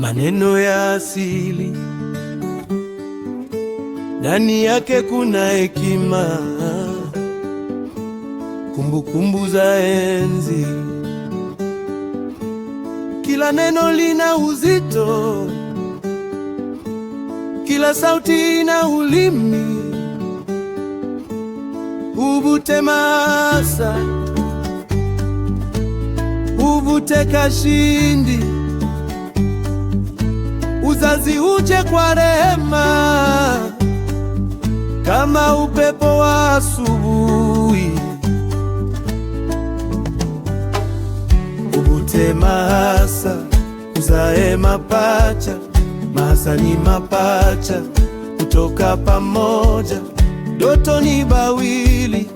maneno ya asili, ndani yake kuna hekima, kumbukumbu za enzi. Kila neno lina uzito, kila sauti ina ulimi. Uvute Maasa, uvute Kashindi uzazi uje kwa rehema, kama upepo wa asubuhi ubute mahasa uzae mapacha, maasa ni mapacha kutoka pamoja, doto ni bawili,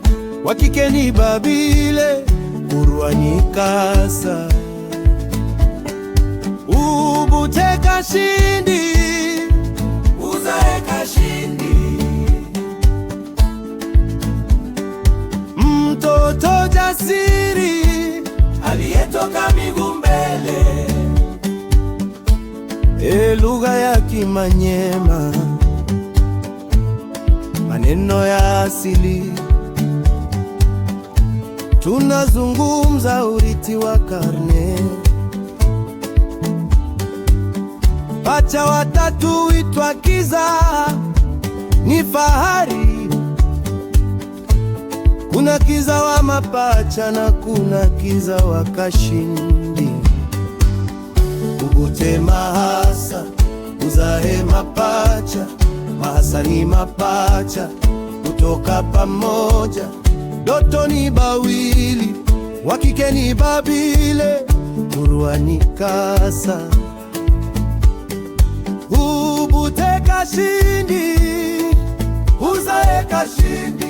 wakike ni babile, kurwa ni kasa kashindi, uzae kashindi. Mtoto jasiri aliyetoka miguu mbele, e, lugha ya Kimanyema, maneno ya asili tunazungumza, urithi wa karne Wacha watatu itwa kiza, ni fahari. Kuna kiza wa mapacha na kuna kiza wa kashindi. Ugute mahasa uzae mapacha, mahasa ni mapacha kutoka pamoja. Doto ni bawili, wakike ni babile, murwa ni kasa Ubute kashindi, uzae kashindi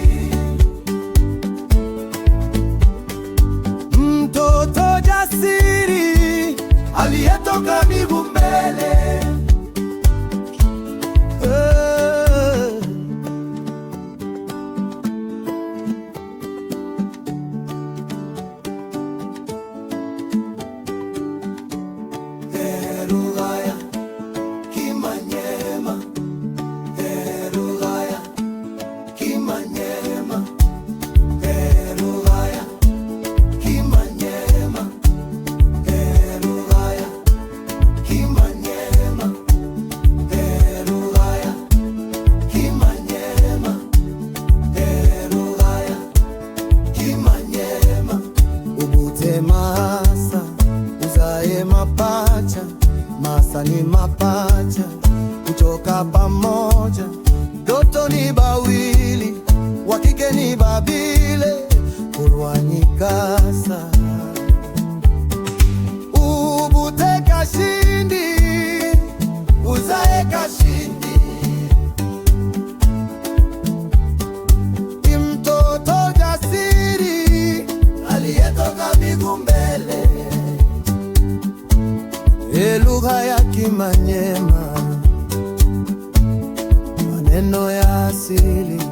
masa uzae mapacha, masa ni mapacha kutoka pamoja. Doto ni bawili, wakike ni babile kurwanika lugha ya Kimanyema, maneno ya asili,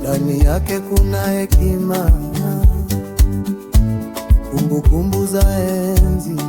ndani yake kuna hekima, kumbukumbu za enzi